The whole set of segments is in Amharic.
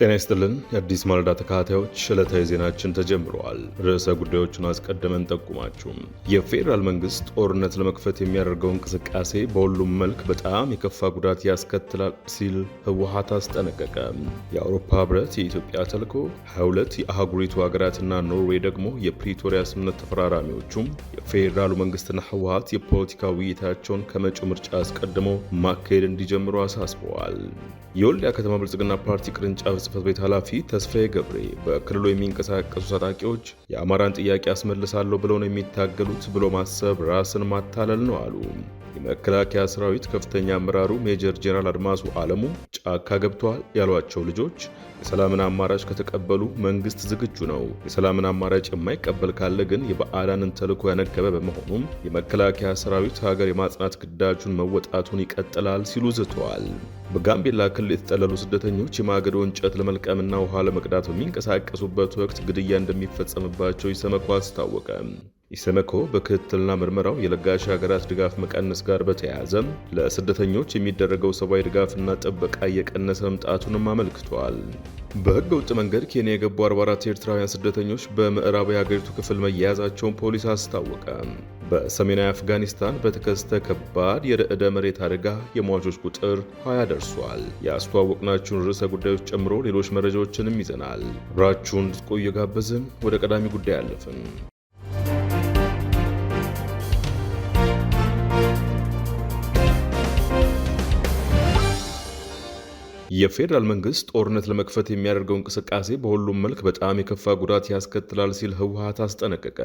ጤና ይስጥልን የአዲስ ማለዳ ተከታታዮች፣ ዕለታዊ ዜናችን ተጀምረዋል። ርዕሰ ጉዳዮቹን አስቀድመን ጠቁማችሁ የፌዴራል መንግስት ጦርነት ለመክፈት የሚያደርገው እንቅስቃሴ በሁሉም መልክ በጣም የከፋ ጉዳት ያስከትላል ሲል ህወሓት አስጠነቀቀ። የአውሮፓ ህብረት የኢትዮጵያ ተልዕኮ 22 የአህጉሪቱ ሀገራትና ኖርዌይ ደግሞ የፕሪቶሪያ ስምምነት ተፈራራሚዎቹም የፌዴራሉ መንግስትና ህወሓት የፖለቲካ ውይይታቸውን ከመጪው ምርጫ አስቀድሞ ማካሄድ እንዲጀምሩ አሳስበዋል። የወልዲያ ከተማ ብልጽግና ፓርቲ ቅርንጫፍ ጽህፈት ቤት ኃላፊ ተስፋዬ ገብሬ በክልሉ የሚንቀሳቀሱ ታጣቂዎች የአማራን ጥያቄ አስመልሳለሁ ብለው ነው የሚታገሉት ብሎ ማሰብ ራስን ማታለል ነው አሉ። የመከላከያ ሰራዊት ከፍተኛ አመራሩ ሜጀር ጄኔራል አድማሱ አለሙ ጫካ ገብተዋል ያሏቸው ልጆች የሰላምን አማራጭ ከተቀበሉ መንግስት ዝግጁ ነው፣ የሰላምን አማራጭ የማይቀበል ካለ ግን የባዕዳንን ተልዕኮ ያነገበ በመሆኑም የመከላከያ ሰራዊት ሀገር የማጽናት ግዳጁን መወጣቱን ይቀጥላል ሲሉ ዝተዋል። በጋምቤላ ክልል የተጠለሉ ስደተኞች የማገዶ እንጨት ለመልቀምና ውሃ ለመቅዳት በሚንቀሳቀሱበት ወቅት ግድያ እንደሚፈጸምባቸው ኢሰመኮ አስታወቀ። ኢሰመኮ በክትትልና ምርመራው የለጋሽ ሀገራት ድጋፍ መቀነስ ጋር በተያያዘ ለስደተኞች የሚደረገው ሰብአዊ ድጋፍና ጥበቃ እየቀነሰ መምጣቱንም አመልክቷል። በህገ ውጭ መንገድ ኬንያ የገቡ 44 ኤርትራውያን ስደተኞች በምዕራብ የሀገሪቱ ክፍል መያያዛቸውን ፖሊስ አስታወቀ። በሰሜናዊ አፍጋኒስታን በተከሰተ ከባድ የርዕደ መሬት አደጋ የሟቾች ቁጥር 20 ደርሷል። ያስተዋወቅናችሁን ርዕሰ ጉዳዮች ጨምሮ ሌሎች መረጃዎችንም ይዘናል። አብራችሁን እንድትቆዩ ጋበዝን። ወደ ቀዳሚ ጉዳይ አለፍን። የፌዴራል መንግስት ጦርነት ለመክፈት የሚያደርገው እንቅስቃሴ በሁሉም መልክ በጣም የከፋ ጉዳት ያስከትላል ሲል ህወሀት አስጠነቀቀ።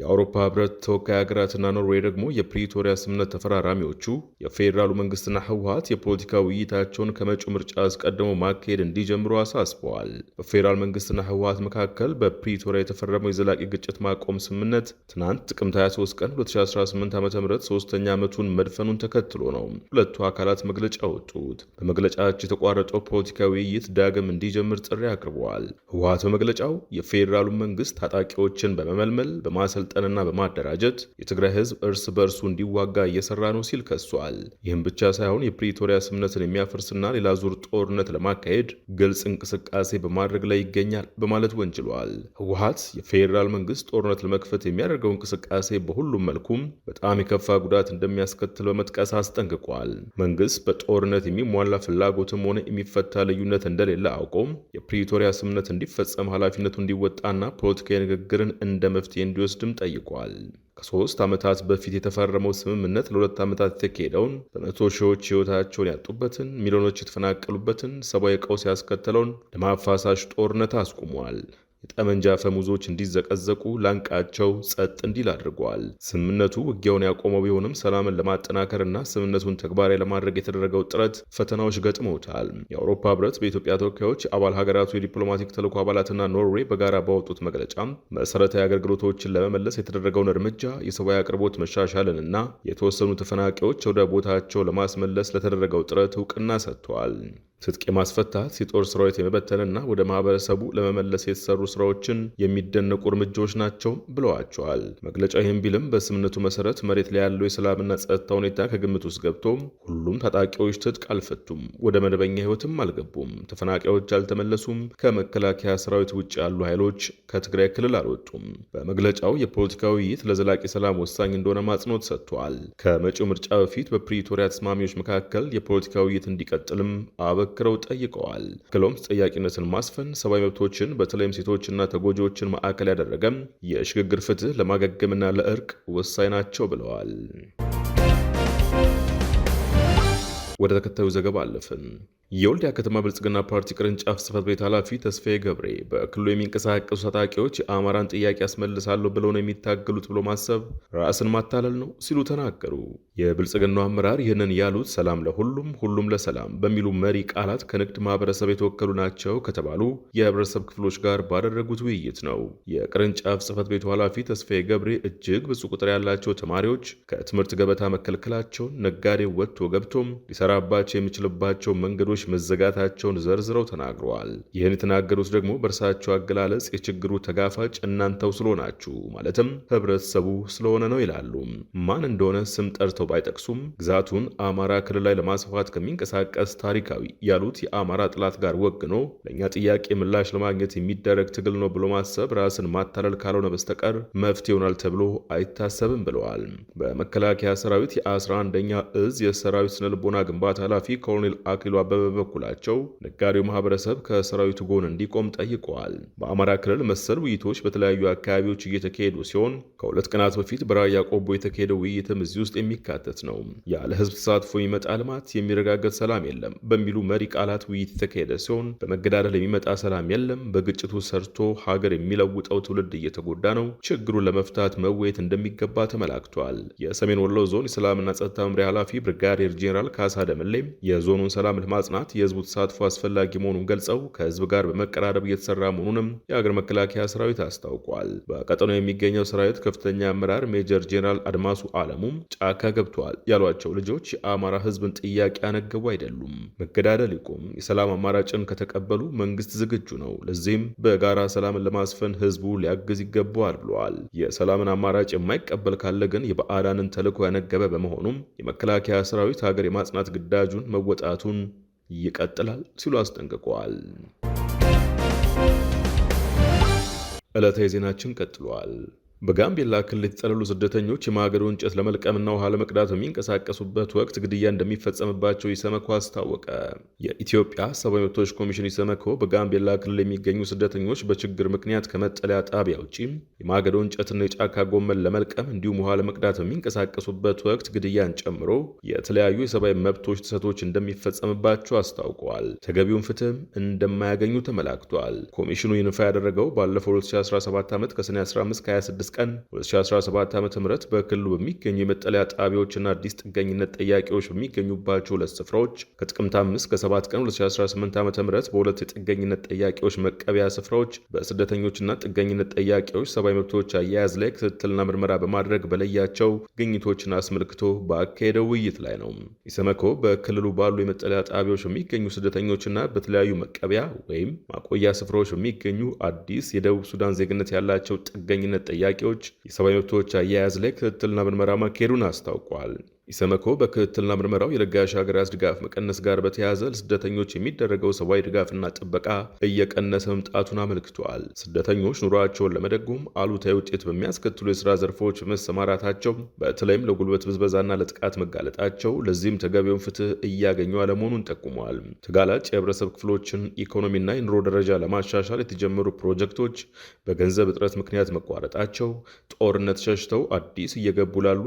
የአውሮፓ ህብረት ተወካይ ሀገራትና ኖርዌይ ደግሞ የፕሪቶሪያ ስምነት ተፈራራሚዎቹ የፌዴራሉ መንግስትና ህወሀት የፖለቲካ ውይይታቸውን ከመጪው ምርጫ አስቀድሞ ማካሄድ እንዲጀምሩ አሳስበዋል። በፌዴራል መንግስትና ህወሀት መካከል በፕሪቶሪያ የተፈረመው የዘላቂ ግጭት ማቆም ስምነት ትናንት ጥቅምት 23 ቀን 2018 ዓ ም ሶስተኛ ዓመቱን መድፈኑን ተከትሎ ነው ሁለቱ አካላት መግለጫ ወጡት። በመግለጫቸው የተቋረጡ ያቋረጠው ፖለቲካዊ ውይይት ዳግም እንዲጀምር ጥሪ አቅርበዋል። ህወሀት በመግለጫው የፌዴራሉ መንግስት ታጣቂዎችን በመመልመል በማሰልጠንና በማደራጀት የትግራይ ህዝብ እርስ በእርሱ እንዲዋጋ እየሰራ ነው ሲል ከሷል። ይህም ብቻ ሳይሆን የፕሪቶሪያ ስምነትን የሚያፈርስና ሌላ ዙር ጦርነት ለማካሄድ ግልጽ እንቅስቃሴ በማድረግ ላይ ይገኛል በማለት ወንጅሏል። ህወሀት የፌዴራል መንግስት ጦርነት ለመክፈት የሚያደርገው እንቅስቃሴ በሁሉም መልኩም በጣም የከፋ ጉዳት እንደሚያስከትል በመጥቀስ አስጠንቅቋል። መንግስት በጦርነት የሚሟላ ፍላጎትም ሆነ የሚፈታ ልዩነት እንደሌለ አውቆም የፕሪቶሪያ ስምምነት እንዲፈጸም ኃላፊነቱ እንዲወጣና ፖለቲካዊ ንግግርን እንደ መፍትሄ እንዲወስድም ጠይቋል። ከሶስት ዓመታት በፊት የተፈረመው ስምምነት ለሁለት ዓመታት የተካሄደውን በመቶ ሺዎች ሕይወታቸውን ያጡበትን፣ ሚሊዮኖች የተፈናቀሉበትን፣ ሰብአዊ ቀውስ ያስከተለውን ደም አፋሳሽ ጦርነት አስቁሟል። የጠመንጃ ፈሙዞች እንዲዘቀዘቁ ላንቃቸው ጸጥ እንዲል አድርገዋል። ስምምነቱ ውጊያውን ያቆመው ቢሆንም ሰላምን ለማጠናከር እና ስምምነቱን ተግባራዊ ለማድረግ የተደረገው ጥረት ፈተናዎች ገጥመውታል። የአውሮፓ ህብረት በኢትዮጵያ ተወካዮች አባል ሀገራቱ የዲፕሎማቲክ ተልዕኮ አባላትና ኖርዌይ በጋራ ባወጡት መግለጫ መሰረታዊ አገልግሎቶችን ለመመለስ የተደረገውን እርምጃ፣ የሰብአዊ አቅርቦት መሻሻልንና የተወሰኑ ተፈናቂዎች ወደ ቦታቸው ለማስመለስ ለተደረገው ጥረት እውቅና ሰጥቷል። ትጥቅ የማስፈታት የጦር ሰራዊት የመበተንና ወደ ማህበረሰቡ ለመመለስ የተሰሩ ስራዎችን የሚደነቁ እርምጃዎች ናቸው ብለዋቸዋል። መግለጫው ይህም ቢልም በስምነቱ መሰረት መሬት ላይ ያለው የሰላምና ጸጥታ ሁኔታ ከግምት ውስጥ ገብቶ ሁሉም ታጣቂዎች ትጥቅ አልፈቱም፣ ወደ መደበኛ ህይወትም አልገቡም፣ ተፈናቃዮች አልተመለሱም፣ ከመከላከያ ሰራዊት ውጭ ያሉ ኃይሎች ከትግራይ ክልል አልወጡም። በመግለጫው የፖለቲካ ውይይት ለዘላቂ ሰላም ወሳኝ እንደሆነ ማጽንኦት ሰጥቷል። ከመጪው ምርጫ በፊት በፕሪቶሪያ ተስማሚዎች መካከል የፖለቲካ ውይይት እንዲቀጥልም አበ አበክረው ጠይቀዋል። ክሎም ተጠያቂነትን ማስፈን፣ ሰብአዊ መብቶችን በተለይም ሴቶችና ተጎጂዎችን ማዕከል ያደረገ የሽግግር ፍትህ ለማገገምና ለእርቅ ወሳኝ ናቸው ብለዋል። ወደ ተከታዩ ዘገባ አለፍን። የወልዲያ ከተማ ብልጽግና ፓርቲ ቅርንጫፍ ጽህፈት ቤት ኃላፊ ተስፋዬ ገብሬ በክልሉ የሚንቀሳቀሱ ታጣቂዎች የአማራን ጥያቄ ያስመልሳለሁ ብለው ነው የሚታገሉት ብሎ ማሰብ ራስን ማታለል ነው ሲሉ ተናገሩ። የብልጽግናው አመራር ይህንን ያሉት ሰላም ለሁሉም ሁሉም ለሰላም በሚሉ መሪ ቃላት ከንግድ ማህበረሰብ የተወከሉ ናቸው ከተባሉ የህብረተሰብ ክፍሎች ጋር ባደረጉት ውይይት ነው። የቅርንጫፍ ጽህፈት ቤቱ ኃላፊ ተስፋዬ ገብሬ እጅግ ብዙ ቁጥር ያላቸው ተማሪዎች ከትምህርት ገበታ መከልከላቸውን፣ ነጋዴ ወጥቶ ገብቶም ሊሰራባቸው የሚችልባቸው መንገዶች መንገዶች መዘጋታቸውን ዘርዝረው ተናግረዋል። ይህን የተናገሩት ደግሞ በእርሳቸው አገላለጽ የችግሩ ተጋፋጭ እናንተው ስለሆናችሁ ማለትም ህብረተሰቡ ስለሆነ ነው ይላሉ። ማን እንደሆነ ስም ጠርተው ባይጠቅሱም ግዛቱን አማራ ክልል ላይ ለማስፋፋት ከሚንቀሳቀስ ታሪካዊ ያሉት የአማራ ጥላት ጋር ወግኖ ለእኛ ጥያቄ ምላሽ ለማግኘት የሚደረግ ትግል ነው ብሎ ማሰብ ራስን ማታለል ካልሆነ በስተቀር መፍትሄ ይሆናል ተብሎ አይታሰብም ብለዋል። በመከላከያ ሰራዊት የ11ኛ እዝ የሰራዊት ስነልቦና ግንባታ ኃላፊ ኮሎኔል አክሊሉ አበበ በበኩላቸው ነጋዴው ማህበረሰብ ከሰራዊቱ ጎን እንዲቆም ጠይቀዋል። በአማራ ክልል መሰል ውይይቶች በተለያዩ አካባቢዎች እየተካሄዱ ሲሆን ከሁለት ቀናት በፊት በራያ ቆቦ የተካሄደው ውይይትም እዚህ ውስጥ የሚካተት ነው። ያለ ህዝብ ተሳትፎ የሚመጣ ልማት፣ የሚረጋገጥ ሰላም የለም በሚሉ መሪ ቃላት ውይይት የተካሄደ ሲሆን በመገዳደል የሚመጣ ሰላም የለም፣ በግጭቱ ሰርቶ ሀገር የሚለውጠው ትውልድ እየተጎዳ ነው፣ ችግሩን ለመፍታት መወየት እንደሚገባ ተመላክቷል። የሰሜን ወሎ ዞን የሰላምና ጸጥታ መምሪያ ኃላፊ ብርጋዴር ጄኔራል ካሳ ደመሌም የዞኑን ሰላም ለማጽናት ጥናት የህዝቡ ተሳትፎ አስፈላጊ መሆኑን ገልጸው ከህዝብ ጋር በመቀራረብ እየተሰራ መሆኑንም የአገር መከላከያ ሰራዊት አስታውቋል። በቀጠናው የሚገኘው ሰራዊት ከፍተኛ አመራር ሜጀር ጄኔራል አድማሱ አለሙም ጫካ ገብተዋል ያሏቸው ልጆች የአማራ ህዝብን ጥያቄ ያነገቡ አይደሉም። መገዳደል ይቁም። የሰላም አማራጭን ከተቀበሉ መንግስት ዝግጁ ነው። ለዚህም በጋራ ሰላምን ለማስፈን ህዝቡ ሊያግዝ ይገባዋል ብለዋል። የሰላምን አማራጭ የማይቀበል ካለ ግን የባዕዳንን ተልዕኮ ያነገበ በመሆኑም የመከላከያ ሰራዊት ሀገር የማጽናት ግዳጁን መወጣቱን ይቀጥላል ሲሉ አስጠንቅቀዋል። ዕለታዊ ዜናችን ቀጥሏል። በጋምቤላ ክልል የተጠለሉ ስደተኞች የማገዶ እንጨት ለመልቀምና ውሃ ለመቅዳት በሚንቀሳቀሱበት ወቅት ግድያ እንደሚፈጸምባቸው ኢሰመኮ አስታወቀ። የኢትዮጵያ ሰብዓዊ መብቶች ኮሚሽን ኢሰመኮ በጋምቤላ ክልል የሚገኙ ስደተኞች በችግር ምክንያት ከመጠለያ ጣቢያ ውጪ የማገዶ እንጨትና የጫካ ጎመን ለመልቀም እንዲሁም ውሃ ለመቅዳት በሚንቀሳቀሱበት ወቅት ግድያን ጨምሮ የተለያዩ የሰብዓዊ መብቶች ጥሰቶች እንደሚፈጸምባቸው አስታውቀዋል። ተገቢውን ፍትህም እንደማያገኙ ተመላክቷል። ኮሚሽኑ ይንፋ ያደረገው ባለፈው 2017 ዓመት ከሰኔ 15 26 26 ቀን 2017 ዓ ም በክልሉ በሚገኙ የመጠለያ ጣቢያዎችና አዲስ ጥገኝነት ጠያቂዎች በሚገኙባቸው ሁለት ስፍራዎች ከጥቅምት 5 ከ7 ቀን 2018 ዓ ም በሁለት የጥገኝነት ጠያቂዎች መቀበያ ስፍራዎች በስደተኞችና ጥገኝነት ጠያቂዎች ሰብአዊ መብቶች አያያዝ ላይ ክትትልና ምርመራ በማድረግ በለያቸው ግኝቶችን አስመልክቶ በአካሄደው ውይይት ላይ ነው። ኢሰመኮ በክልሉ ባሉ የመጠለያ ጣቢያዎች በሚገኙ ስደተኞችና በተለያዩ መቀበያ ወይም ማቆያ ስፍራዎች በሚገኙ አዲስ የደቡብ ሱዳን ዜግነት ያላቸው ጥገኝነት ጠያቂ ጥያቄዎች፣ የሰብአዊ መብቶች አያያዝ ላይ ክትትልና ምርመራ ማካሄዱን አስታውቋል። ኢሰመኮ በክትትልና ምርመራው የለጋሽ ሀገራት ድጋፍ መቀነስ ጋር በተያያዘ ለስደተኞች የሚደረገው ሰብአዊ ድጋፍና ጥበቃ እየቀነሰ መምጣቱን አመልክቷል። ስደተኞች ኑሯቸውን ለመደጎም አሉታዊ ውጤት በሚያስከትሉ የስራ ዘርፎች መሰማራታቸው፣ በተለይም ለጉልበት ብዝበዛና ለጥቃት መጋለጣቸው፣ ለዚህም ተገቢውን ፍትህ እያገኙ አለመሆኑን ጠቁመዋል። ተጋላጭ የህብረተሰብ ክፍሎችን ኢኮኖሚና የኑሮ ደረጃ ለማሻሻል የተጀመሩ ፕሮጀክቶች በገንዘብ እጥረት ምክንያት መቋረጣቸው፣ ጦርነት ሸሽተው አዲስ እየገቡ ላሉ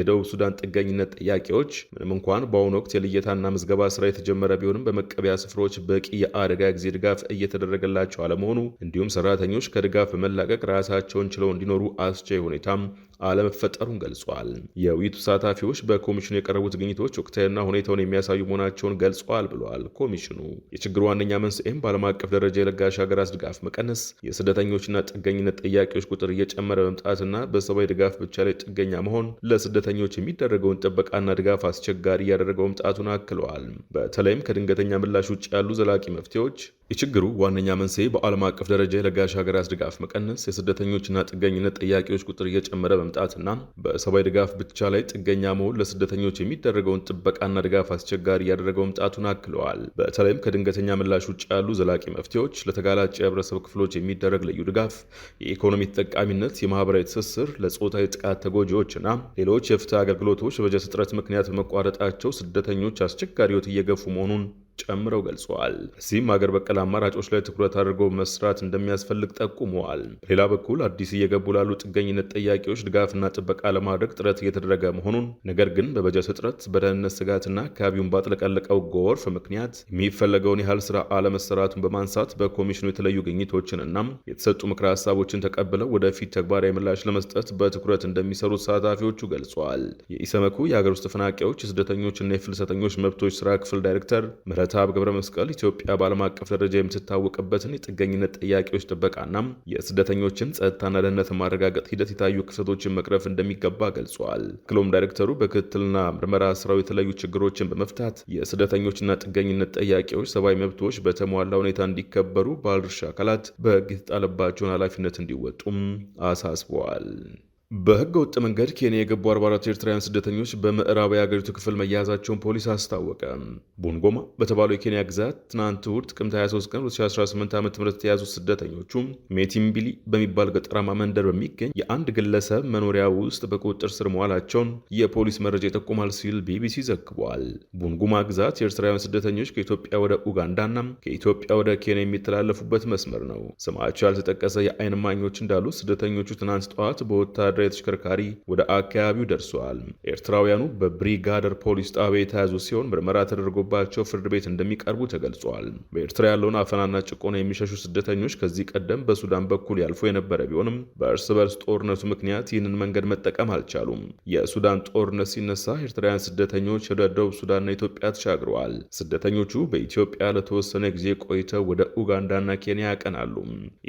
የደቡብ ሱዳን ጥገኝነት ተጠያቂነት ጥያቄዎች ምንም እንኳን በአሁኑ ወቅት የልየታና ምዝገባ ስራ የተጀመረ ቢሆንም በመቀበያ ስፍራዎች በቂ የአደጋ ጊዜ ድጋፍ እየተደረገላቸው አለመሆኑ እንዲሁም ሰራተኞች ከድጋፍ በመላቀቅ ራሳቸውን ችለው እንዲኖሩ አስቻይ ሁኔታም አለመፈጠሩን ገልጿል። የውይይቱ ተሳታፊዎች በኮሚሽኑ የቀረቡት ግኝቶች ወቅታዊና ሁኔታውን የሚያሳዩ መሆናቸውን ገልጿል ብሏል ኮሚሽኑ የችግሩ ዋነኛ መንስኤም በዓለም አቀፍ ደረጃ የለጋሽ ሀገራት ድጋፍ መቀነስ፣ የስደተኞችና ጥገኝነት ጥያቄዎች ቁጥር እየጨመረ መምጣትና በሰብአዊ ድጋፍ ብቻ ላይ ጥገኛ መሆን ለስደተኞች የሚደረገውን ጥበቃና ድጋፍ አስቸጋሪ እያደረገው መምጣቱን አክለዋል። በተለይም ከድንገተኛ ምላሽ ውጭ ያሉ ዘላቂ መፍትሄዎች የችግሩ ዋነኛ መንስኤ በዓለም አቀፍ ደረጃ የለጋሽ ሀገራት ድጋፍ መቀነስ፣ የስደተኞችና ጥገኝነት ጥያቄዎች ቁጥር እየጨመረ መምጣትና በሰብአዊ ድጋፍ ብቻ ላይ ጥገኛ መሆን ለስደተኞች የሚደረገውን ጥበቃና ድጋፍ አስቸጋሪ እያደረገው መምጣቱን አክለዋል። በተለይም ከድንገተኛ ምላሽ ውጭ ያሉ ዘላቂ መፍትሄዎች፣ ለተጋላጭ የህብረተሰብ ክፍሎች የሚደረግ ልዩ ድጋፍ፣ የኢኮኖሚ ተጠቃሚነት፣ የማህበራዊ ትስስር፣ ለጾታዊ ጥቃት ተጎጂዎችና ሌሎች የፍትህ አገልግሎቶች በጀት እጥረት ምክንያት በመቋረጣቸው ስደተኞች አስቸጋሪ እየገፉ መሆኑን ጨምረው ገልጸዋል። በዚህም ሀገር በቀል አማራጮች ላይ ትኩረት አድርጎ መስራት እንደሚያስፈልግ ጠቁመዋል። በሌላ በኩል አዲስ እየገቡ ላሉ ጥገኝነት ጠያቄዎች ድጋፍና ጥበቃ ለማድረግ ጥረት እየተደረገ መሆኑን ነገር ግን በበጀት እጥረት፣ በደህንነት ስጋትና አካባቢውን ባጥለቀለቀው ጎርፍ ምክንያት የሚፈለገውን ያህል ስራ አለመሰራቱን በማንሳት በኮሚሽኑ የተለዩ ግኝቶችን እና የተሰጡ ምክረ ሀሳቦችን ተቀብለው ወደፊት ተግባራዊ ምላሽ ለመስጠት በትኩረት እንደሚሰሩ ተሳታፊዎቹ ገልጸዋል። የኢሰመኩ የሀገር ውስጥ ተፈናቃዮች የስደተኞችና የፍልሰተኞች መብቶች ስራ ክፍል ዳይሬክተር ምረ መህታብ ገብረ መስቀል ኢትዮጵያ በዓለም አቀፍ ደረጃ የምትታወቅበትን የጥገኝነት ጥያቄዎች ጥበቃና የስደተኞችን ጸጥታና ደህንነት ማረጋገጥ ሂደት የታዩ ክፍተቶችን መቅረፍ እንደሚገባ ገልጿል። ክሎም ዳይሬክተሩ በክትትልና ምርመራ ስራው የተለያዩ ችግሮችን በመፍታት የስደተኞችና ጥገኝነት ጥያቄዎች ሰብአዊ መብቶች በተሟላ ሁኔታ እንዲከበሩ ባለድርሻ አካላት በህግ የተጣለባቸውን ኃላፊነት እንዲወጡም አሳስበዋል። በህገ ወጥ መንገድ ኬንያ የገቡ 44 ኤርትራውያን ስደተኞች በምዕራብ የአገሪቱ ክፍል መያዛቸውን ፖሊስ አስታወቀ። ቡንጎማ በተባለው የኬንያ ግዛት ትናንት እሁድ ጥቅምት 23 ቀን 2018 ዓ ም የተያዙት ስደተኞቹ ሜቲምቢሊ በሚባል ገጠራማ መንደር በሚገኝ የአንድ ግለሰብ መኖሪያ ውስጥ በቁጥጥር ስር መዋላቸውን የፖሊስ መረጃ ይጠቁማል ሲል ቢቢሲ ዘግቧል። ቡንጎማ ግዛት የኤርትራውያን ስደተኞች ከኢትዮጵያ ወደ ኡጋንዳና ከኢትዮጵያ ወደ ኬንያ የሚተላለፉበት መስመር ነው። ስማቸው ያልተጠቀሰ የአይን ማኞች እንዳሉት ስደተኞቹ ትናንት ጠዋት በወታደ ወታደራዊ ተሽከርካሪ ወደ አካባቢው ደርሰዋል። ኤርትራውያኑ በብሪጋደር ፖሊስ ጣቢያ የተያዙ ሲሆን ምርመራ ተደርጎባቸው ፍርድ ቤት እንደሚቀርቡ ተገልጿል። በኤርትራ ያለውን አፈናና ጭቆና የሚሸሹ ስደተኞች ከዚህ ቀደም በሱዳን በኩል ያልፎ የነበረ ቢሆንም በእርስ በርስ ጦርነቱ ምክንያት ይህንን መንገድ መጠቀም አልቻሉም። የሱዳን ጦርነት ሲነሳ ኤርትራውያን ስደተኞች ወደ ደቡብ ሱዳንና ኢትዮጵያ ተሻግረዋል። ስደተኞቹ በኢትዮጵያ ለተወሰነ ጊዜ ቆይተው ወደ ኡጋንዳና ኬንያ ያቀናሉ።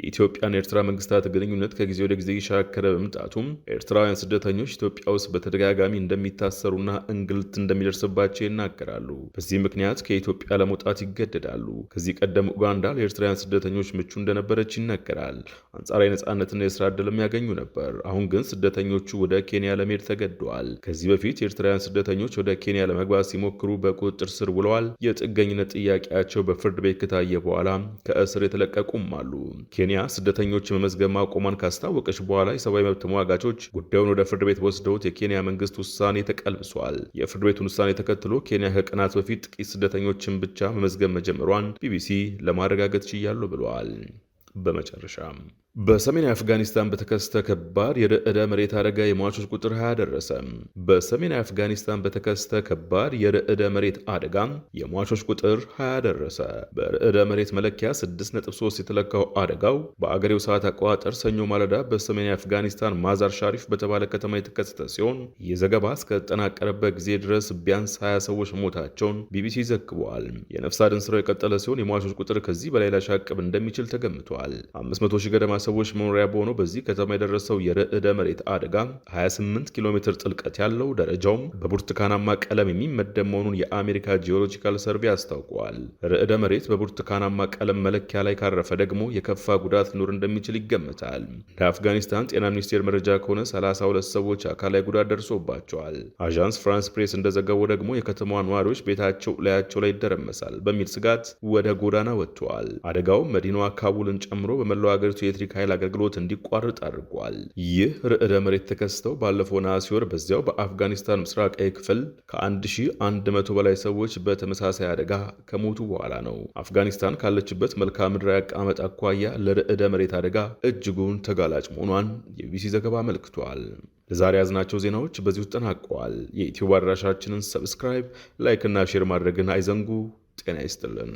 የኢትዮጵያን ኤርትራ መንግስታት ግንኙነት ከጊዜ ወደ ጊዜ እየሻከረ በመምጣቱም ኤርትራውያን ስደተኞች ኢትዮጵያ ውስጥ በተደጋጋሚ እንደሚታሰሩና እንግልት እንደሚደርስባቸው ይናገራሉ። በዚህ ምክንያት ከኢትዮጵያ ለመውጣት ይገደዳሉ። ከዚህ ቀደም ኡጋንዳ ለኤርትራውያን ስደተኞች ምቹ እንደነበረች ይነገራል። አንጻራዊ ነጻነትና የስራ እድልም ያገኙ ነበር። አሁን ግን ስደተኞቹ ወደ ኬንያ ለመሄድ ተገደዋል። ከዚህ በፊት የኤርትራውያን ስደተኞች ወደ ኬንያ ለመግባት ሲሞክሩ በቁጥጥር ስር ውለዋል። የጥገኝነት ጥያቄያቸው በፍርድ ቤት ከታየ በኋላ ከእስር የተለቀቁም አሉ። ኬንያ ስደተኞች መመዝገብ ማቆሟን ካስታወቀች በኋላ የሰብአዊ መብት ተሟጋቾች ተከሳሾች ጉዳዩን ወደ ፍርድ ቤት ወስደውት የኬንያ መንግስት ውሳኔ ተቀልብሷል። የፍርድ ቤቱን ውሳኔ ተከትሎ ኬንያ ከቀናት በፊት ጥቂት ስደተኞችን ብቻ መመዝገብ መጀመሯን ቢቢሲ ለማረጋገጥ ችያለሁ ብለዋል። በመጨረሻም በሰሜን አፍጋኒስታን በተከሰተ ከባድ የርዕደ መሬት አደጋ የሟቾች ቁጥር 20 ደረሰ። በሰሜን አፍጋኒስታን በተከሰተ ከባድ የርዕደ መሬት አደጋ የሟቾች ቁጥር 20 ደረሰ። በርዕደ መሬት መለኪያ 6.3 የተለካው አደጋው በአገሬው ሰዓት አቆጣጠር ሰኞ ማለዳ በሰሜን አፍጋኒስታን ማዛር ሻሪፍ በተባለ ከተማ የተከሰተ ሲሆን ይህ ዘገባ እስከተጠናቀረበት ጊዜ ድረስ ቢያንስ 20 ሰዎች ሞታቸውን ቢቢሲ ዘግቧል። የነፍስ አድን ስራው የቀጠለ ሲሆን የሟቾች ቁጥር ከዚህ በላይ ሊያሻቅብ እንደሚችል ተገምቷል። 500 ሺህ ገደማ ሰዎች መኖሪያ በሆነው በዚህ ከተማ የደረሰው የርዕደ መሬት አደጋ 28 ኪሎ ሜትር ጥልቀት ያለው ደረጃውም በብርቱካናማ ቀለም የሚመደብ መሆኑን የአሜሪካ ጂኦሎጂካል ሰርቬ አስታውቋል። ርዕደ መሬት በብርቱካናማ ቀለም መለኪያ ላይ ካረፈ ደግሞ የከፋ ጉዳት ሊኖር እንደሚችል ይገመታል። እንደ አፍጋኒስታን ጤና ሚኒስቴር መረጃ ከሆነ 32 ሰዎች አካላዊ ጉዳት ደርሶባቸዋል። አዣንስ ፍራንስ ፕሬስ እንደዘገበው ደግሞ የከተማዋ ነዋሪዎች ቤታቸው ላያቸው ላይ ይደረመሳል በሚል ስጋት ወደ ጎዳና ወጥተዋል። አደጋው መዲናዋ ካቡልን ጨምሮ በመላው ሀገሪቱ የኤሌክትሪክ የኤሌክትሪክ ኃይል አገልግሎት እንዲቋረጥ አድርጓል። ይህ ርዕደ መሬት ተከስተው ባለፈው ነሐሴ ወር በዚያው በአፍጋኒስታን ምስራቃዊ ክፍል ከ1100 በላይ ሰዎች በተመሳሳይ አደጋ ከሞቱ በኋላ ነው። አፍጋኒስታን ካለችበት መልክዓ ምድራዊ አቀማመጥ አኳያ ለርዕደ መሬት አደጋ እጅጉን ተጋላጭ መሆኗን የቢቢሲ ዘገባ አመልክቷል። ለዛሬ ያዝናቸው ዜናዎች በዚሁ ተጠናቀዋል። የዩትዩብ አድራሻችንን ሰብስክራይብ፣ ላይክ እና ሼር ማድረግን አይዘንጉ። ጤና ይስጥልን።